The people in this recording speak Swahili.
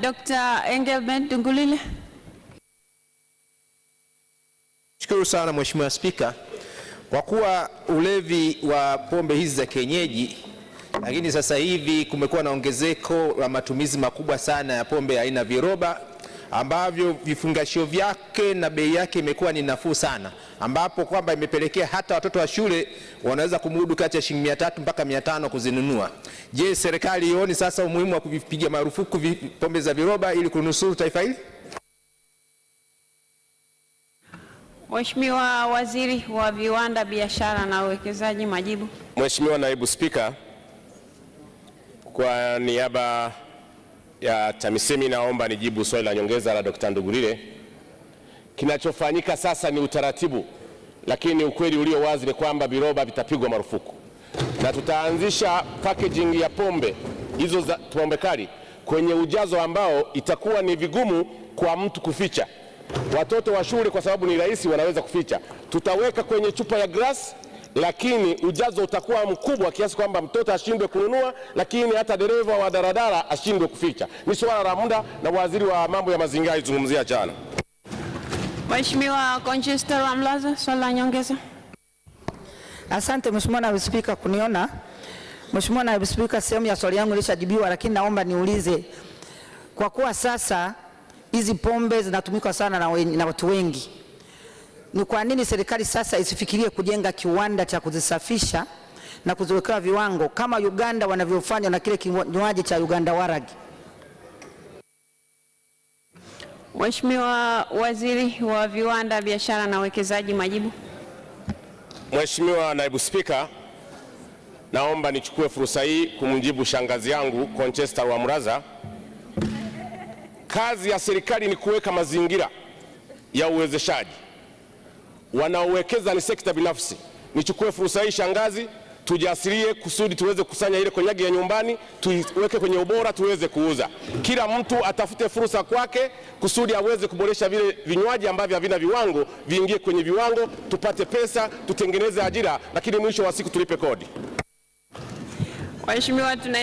Dr. Engelbert Dungulile. Shukuru sana Mheshimiwa Spika, kwa kuwa ulevi wa pombe hizi za kienyeji, lakini sasa hivi kumekuwa na ongezeko la matumizi makubwa sana ya pombe aina viroba ambavyo vifungashio vyake na bei yake imekuwa ni nafuu sana, ambapo kwamba imepelekea hata watoto wa shule wanaweza kumudu kati ya shilingi 300 mpaka 500 kuzinunua. Je, serikali ioni sasa umuhimu wa kuvipiga marufuku pombe za viroba ili kunusuru taifa hili? Mheshimiwa Waziri wa Viwanda, Biashara na Uwekezaji, majibu. Mheshimiwa Naibu Spika, kwa niaba ya TAMISEMI naomba nijibu swali la nyongeza la Dkt. Ndugulile. Kinachofanyika sasa ni utaratibu, lakini ukweli ulio wazi ni kwamba viroba vitapigwa marufuku na tutaanzisha packaging ya pombe hizo za pombe kali kwenye ujazo ambao itakuwa ni vigumu kwa mtu kuficha. Watoto wa shule, kwa sababu ni rahisi, wanaweza kuficha. Tutaweka kwenye chupa ya glass lakini ujazo utakuwa mkubwa kiasi kwamba mtoto ashindwe kununua, lakini hata dereva wa daradara ashindwe kuficha. Ni swala la muda, na waziri wa mambo ya mazingira alizungumzia jana. Mheshimiwa Conchester Wamlaza, swali la nyongeza. Asante Mheshimiwa Naibu Spika kuniona. Mheshimiwa Naibu Spika, sehemu ya swali yangu ilishajibiwa, lakini naomba niulize, kwa kuwa sasa hizi pombe zinatumika sana na, na watu wengi ni kwa nini serikali sasa isifikirie kujenga kiwanda cha kuzisafisha na kuziwekewa viwango kama Uganda wanavyofanya na kile kinywaji cha Uganda Waragi? Mheshimiwa Waziri wa Viwanda, Biashara na Uwekezaji, majibu. Mheshimiwa Naibu Spika, naomba nichukue fursa hii kumjibu shangazi yangu Conchester wa Muraza. Kazi ya serikali ni kuweka mazingira ya uwezeshaji wanaowekeza ni sekta binafsi. Nichukue fursa hii shangazi, tujasirie kusudi tuweze kukusanya ile konyagi ya nyumbani tuiweke kwenye ubora tuweze kuuza. Kila mtu atafute fursa kwake kusudi aweze kuboresha vile vinywaji ambavyo havina viwango viingie kwenye viwango, tupate pesa, tutengeneze ajira, lakini mwisho wa siku tulipe kodi. Waheshimiwa tuna